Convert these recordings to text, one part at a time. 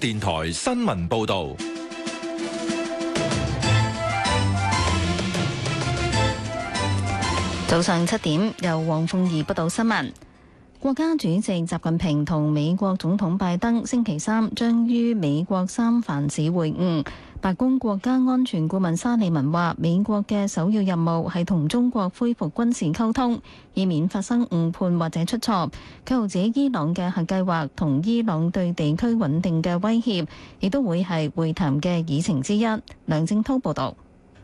電台新聞報道。早上七點，由黃鳳儀報道新聞。國家主席習近平同美國總統拜登星期三將於美國三藩市會晤。白宮國家安全顧問沙利文話，美國嘅首要任務係同中國恢復軍事溝通，以免發生誤判或者出錯。佢後者伊朗嘅核計劃同伊朗對地區穩定嘅威脅，亦都會係會談嘅議程之一。梁正濤報道。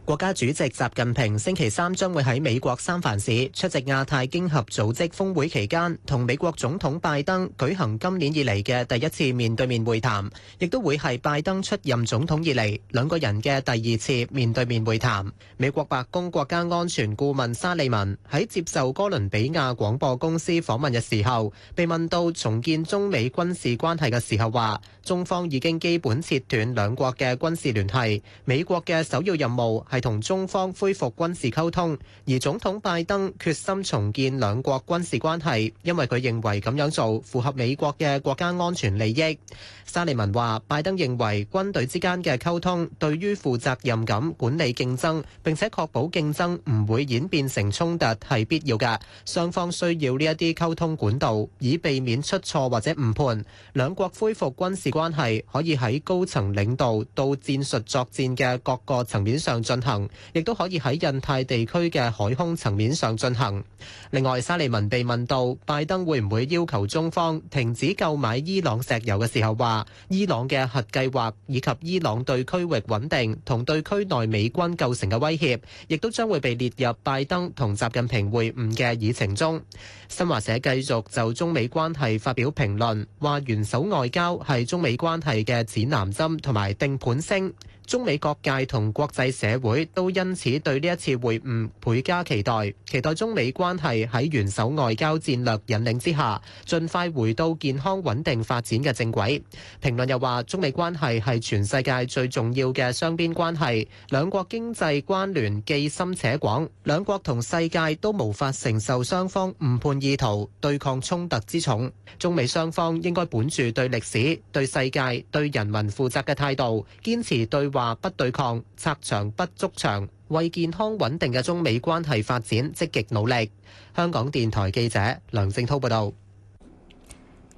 國家主席習近平星期三將會喺美國三藩市出席亞太經合組織峰會期間，同美國總統拜登舉行今年以嚟嘅第一次面對面會談，亦都會係拜登出任總統以嚟兩個人嘅第二次面對面會談。美國白宮國家安全顧問沙利文喺接受哥倫比亞廣播公司訪問嘅時候，被問到重建中美軍事關係嘅時候話：中方已經基本切斷兩國嘅軍事聯繫，美國嘅首要任務係，係同中方恢復軍事溝通，而總統拜登決心重建兩國軍事關係，因為佢認為咁樣做符合美國嘅國家安全利益。沙利文話，拜登認為軍隊之間嘅溝通對於負責任咁管理競爭，並且確保競爭唔會演變成衝突係必要嘅，雙方需要呢一啲溝通管道，以避免出錯或者誤判。兩國恢復軍事關係可以喺高層領導到戰術作戰嘅各個層面上進行。行，亦都可以喺印太地區嘅海空層面上進行。另外，沙利文被問到拜登會唔會要求中方停止購買伊朗石油嘅時候，話伊朗嘅核計劃以及伊朗對區域穩定同對區內美軍構成嘅威脅，亦都將會被列入拜登同習近平會晤嘅議程中。新華社繼續就中美關係發表評論，話元首外交係中美關係嘅指南針同埋定盤星。中美各界同國際社會都因此對呢一次會晤倍加期待，期待中美關係喺元首外交戰略引領之下，盡快回到健康穩定發展嘅正軌。評論又話：中美關係係全世界最重要嘅雙邊關係，兩國經濟關聯既深且廣，兩國同世界都無法承受雙方誤判意圖、對抗衝突之重。中美雙方應該本住對歷史、對世界、對人民負責嘅態度，堅持對。話不對抗，拆牆不築牆，為健康穩定嘅中美關係發展積極努力。香港電台記者梁正濤報道。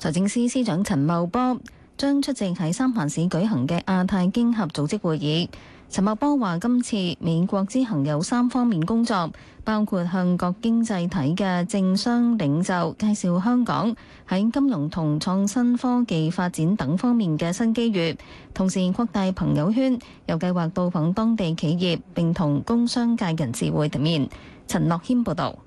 財政司司長陳茂波。將出席喺三藩市舉行嘅亞太經合組織會議。陳茂波話：今次美國之行有三方面工作，包括向各經濟體嘅政商領袖介紹香港喺金融同創新科技發展等方面嘅新機遇，同時擴大朋友圈。有計劃到訪當地企業，並同工商界人士會面。陳諾軒報導。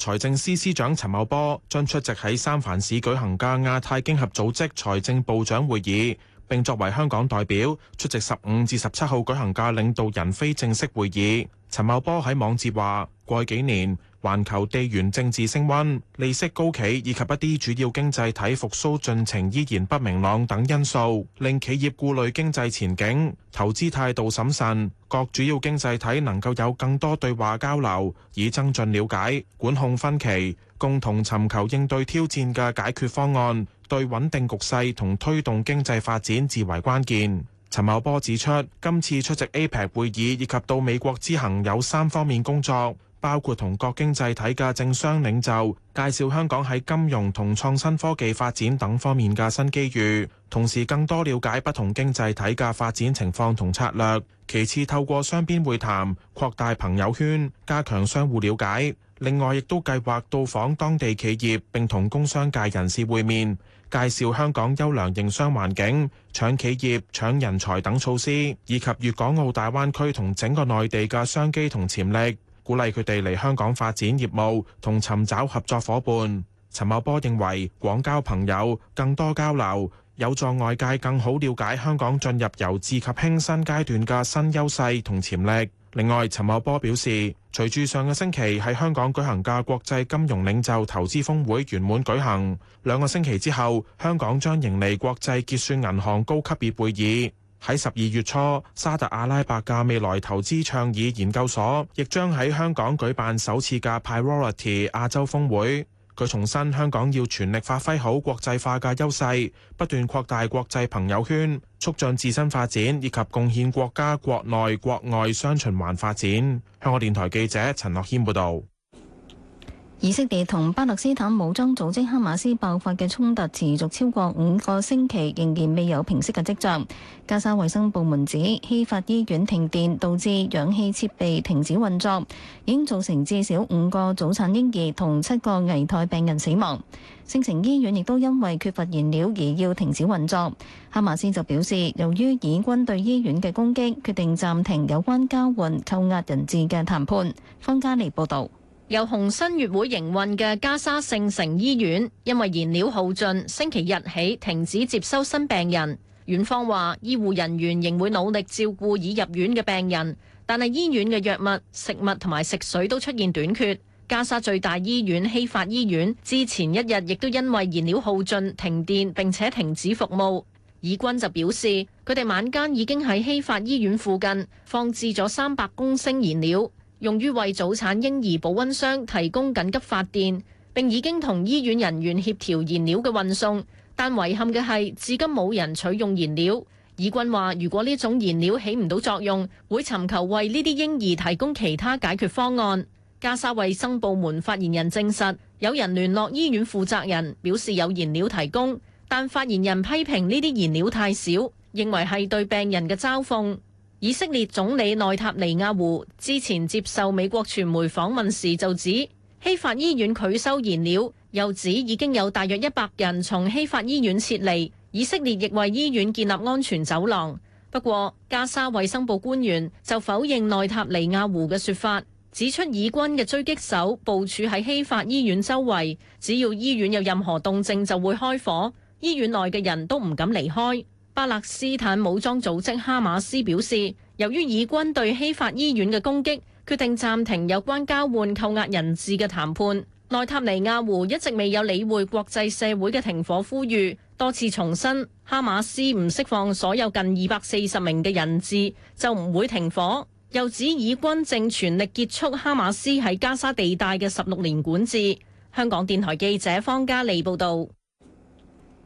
財政司司長陳茂波將出席喺三藩市舉行嘅亞太經合組織財政部長會議，並作為香港代表出席十五至十七號舉行嘅領導人非正式會議。陳茂波喺網誌話：過去幾年，環球地緣政治升温、利息高企以及一啲主要經濟體復甦進程依然不明朗等因素，令企業顧慮經濟前景、投資態度審慎。各主要經濟體能夠有更多對話交流，以增進了解、管控分歧、共同尋求應對挑戰嘅解決方案，對穩定局勢同推動經濟發展至為關鍵。陳茂波指出，今次出席 APEC 會議以及到美國之行有三方面工作。包括同各經濟體嘅政商領袖介紹香港喺金融同創新科技發展等方面嘅新機遇，同時更多了解不同經濟體嘅發展情況同策略。其次，透過雙邊會談擴大朋友圈，加強相互了解。另外，亦都計劃到訪當地企業並同工商界人士會面，介紹香港優良營商環境、搶企業、搶人才等措施，以及粵港澳大灣區同整個內地嘅商機同潛力。鼓勵佢哋嚟香港發展業務同尋找合作夥伴。陳茂波認為廣交朋友、更多交流，有助外界更好了解香港進入由治及興新階段嘅新優勢同潛力。另外，陳茂波表示，隨住上個星期喺香港舉行嘅國際金融領袖投資峰會圓滿舉行，兩個星期之後，香港將迎嚟國際結算銀行高級別會議。喺十二月初，沙特阿拉伯嘅未來投資倡議研究所亦將喺香港舉辦首次嘅 Priority 亞洲峰會。佢重申香港要全力發揮好國際化嘅優勢，不斷擴大國際朋友圈，促進自身發展，以及貢獻國家國內國外雙循環發展。香港電台記者陳樂謙報道。以色列同巴勒斯坦武裝組織哈馬斯爆發嘅衝突持續超過五個星期，仍然未有平息嘅跡象。加沙衛生部門指希法醫院停電，導致氧氣設備停止運作，已經造成至少五個早產嬰兒同七個危殆病人死亡。聖城醫院亦都因為缺乏燃料而要停止運作。哈馬斯就表示，由於以軍對醫院嘅攻擊，決定暫停有關交換扣押人質嘅談判。方家莉報導。由紅新月會營運嘅加沙聖城醫院，因為燃料耗盡，星期日起停止接收新病人。院方話，醫護人員仍會努力照顧已入院嘅病人，但係醫院嘅藥物、食物同埋食水都出現短缺。加沙最大醫院希法醫院，之前一日亦都因為燃料耗盡停電，並且停止服務。以軍就表示，佢哋晚間已經喺希法醫院附近放置咗三百公升燃料。用於為早產嬰兒保溫箱提供緊急發電，並已經同醫院人員協調燃料嘅運送，但遺憾嘅係至今冇人取用燃料。以軍話：如果呢種燃料起唔到作用，會尋求為呢啲嬰兒提供其他解決方案。加沙衛生部門發言人證實，有人聯絡醫院負責人，表示有燃料提供，但發言人批評呢啲燃料太少，認為係對病人嘅嘲諷。以色列總理內塔尼亞胡之前接受美國傳媒訪問時就指希法醫院拒收燃料，又指已經有大約一百人從希法醫院撤離。以色列亦為醫院建立安全走廊。不過，加沙衛生部官員就否認內塔尼亞胡嘅說法，指出以軍嘅狙擊手部署喺希法醫院周圍，只要醫院有任何動靜就會開火，醫院內嘅人都唔敢離開。巴勒斯坦武裝組織哈馬斯表示，由於以軍對希法醫院嘅攻擊決定暫停有關交換扣押人質嘅談判。內塔尼亞胡一直未有理會國際社會嘅停火呼籲，多次重申哈馬斯唔釋放所有近二百四十名嘅人質就唔會停火。又指以軍正全力結束哈馬斯喺加沙地帶嘅十六年管治。香港電台記者方嘉莉報道。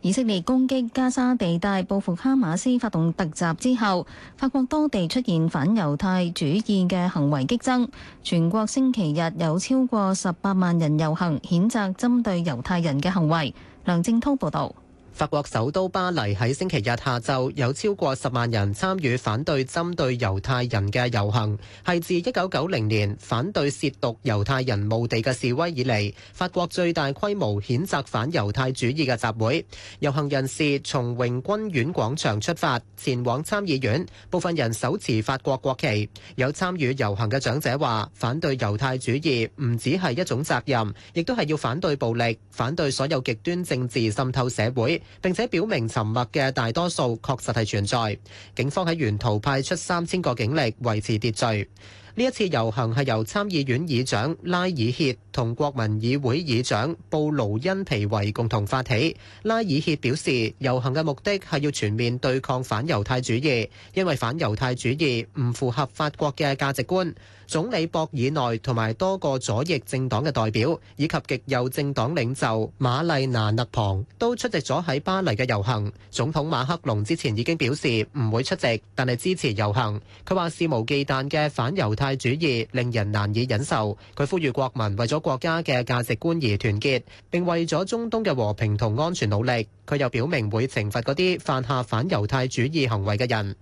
以色列攻擊加沙地帶報復哈馬斯發動突襲之後，法國多地出現反猶太主義嘅行為激增，全國星期日有超過十八萬人遊行，譴責針對猶太人嘅行為。梁正滔報道。法國首都巴黎喺星期日下晝有超過十萬人參與反對針對猶太人嘅遊行，係自一九九零年反對褻瀆猶太人墓地嘅示威以嚟，法國最大規模譴責反猶太主義嘅集會。遊行人士從榮軍院廣場出發，前往參議院，部分人手持法國國旗。有參與遊行嘅長者話：反對猶太主義唔只係一種責任，亦都係要反對暴力，反對所有極端政治滲透社會。並且表明沉默嘅大多數確實係存在。警方喺沿途派出三千個警力維持秩序。呢一次遊行係由參議院議長拉爾歇同國民議會議長布魯恩皮維共同發起。拉爾歇表示，遊行嘅目的係要全面對抗反猶太主義，因為反猶太主義唔符合法國嘅價值觀。總理博爾內同埋多個左翼政黨嘅代表，以及極右政黨領袖馬麗娜勒龐都出席咗喺巴黎嘅遊行。總統馬克龍之前已經表示唔會出席，但係支持遊行。佢話肆無忌憚嘅反猶太主義令人難以忍受。佢呼籲國民為咗國家嘅價值觀而團結，並為咗中東嘅和平同安全努力。佢又表明會懲罰嗰啲犯下反猶太主義行為嘅人。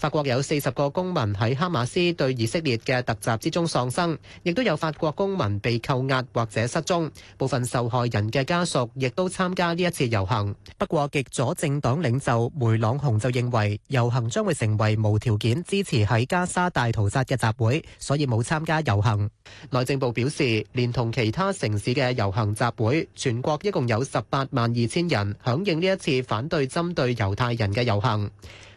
法國有四十個公民喺哈馬斯對以色列嘅突襲之中喪生，亦都有法國公民被扣押或者失蹤。部分受害人嘅家屬亦都參加呢一次遊行。不過，極左政黨領袖梅朗雄就認為遊行將會成為無條件支持喺加沙大屠殺嘅集會，所以冇參加遊行。內政部表示，連同其他城市嘅遊行集會，全國一共有十八萬二千人響應呢一次反對針對猶太人嘅遊行。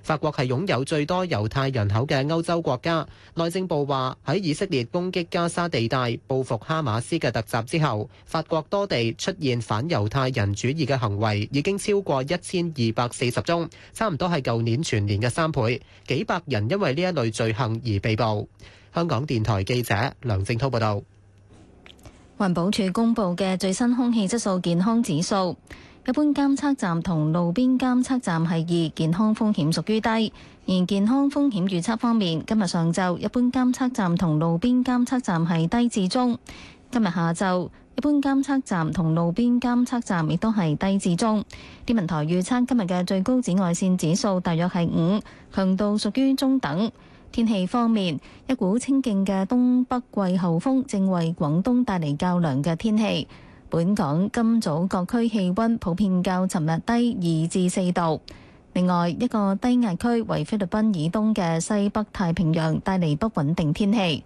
法國係擁有最多猶太人口嘅歐洲國家，內政部話喺以色列攻擊加沙地帶報復哈馬斯嘅突襲之後，法國多地出現反猶太人主義嘅行為，已經超過一千二百四十宗，差唔多係舊年全年嘅三倍，幾百人因為呢一類罪行而被捕。香港電台記者梁正滔報道。環保署公布嘅最新空氣質素健康指數。一般監測站同路邊監測站係二，健康風險屬於低，而健康風險預測方面，今日上晝一般監測站同路邊監測站係低至中，今日下晝一般監測站同路邊監測站亦都係低至中。天文台預測今日嘅最高紫外線指數大約係五，強度屬於中等。天氣方面，一股清勁嘅東北季候風正為廣東帶嚟較涼嘅天氣。本港今早各區氣溫普遍較尋日低二至四度。另外，一個低壓區為菲律賓以東嘅西北太平洋帶嚟不穩定天氣。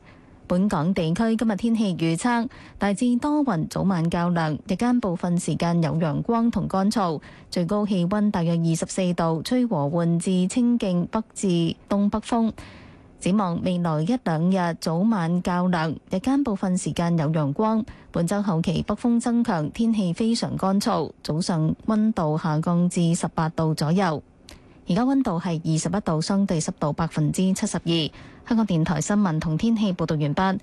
本港地區今日天氣預測大致多雲，早晚較涼，日間部分時間有陽光同乾燥，最高氣溫大約二十四度，吹和緩至清勁北至東北風。展望未來一兩日，早晚較涼，日間部分時間有陽光。本週後期北風增強，天氣非常乾燥。早上溫度下降至十八度左右。而家溫度係二十一度，相對濕度百分之七十二。香港電台新聞同天氣報道完畢。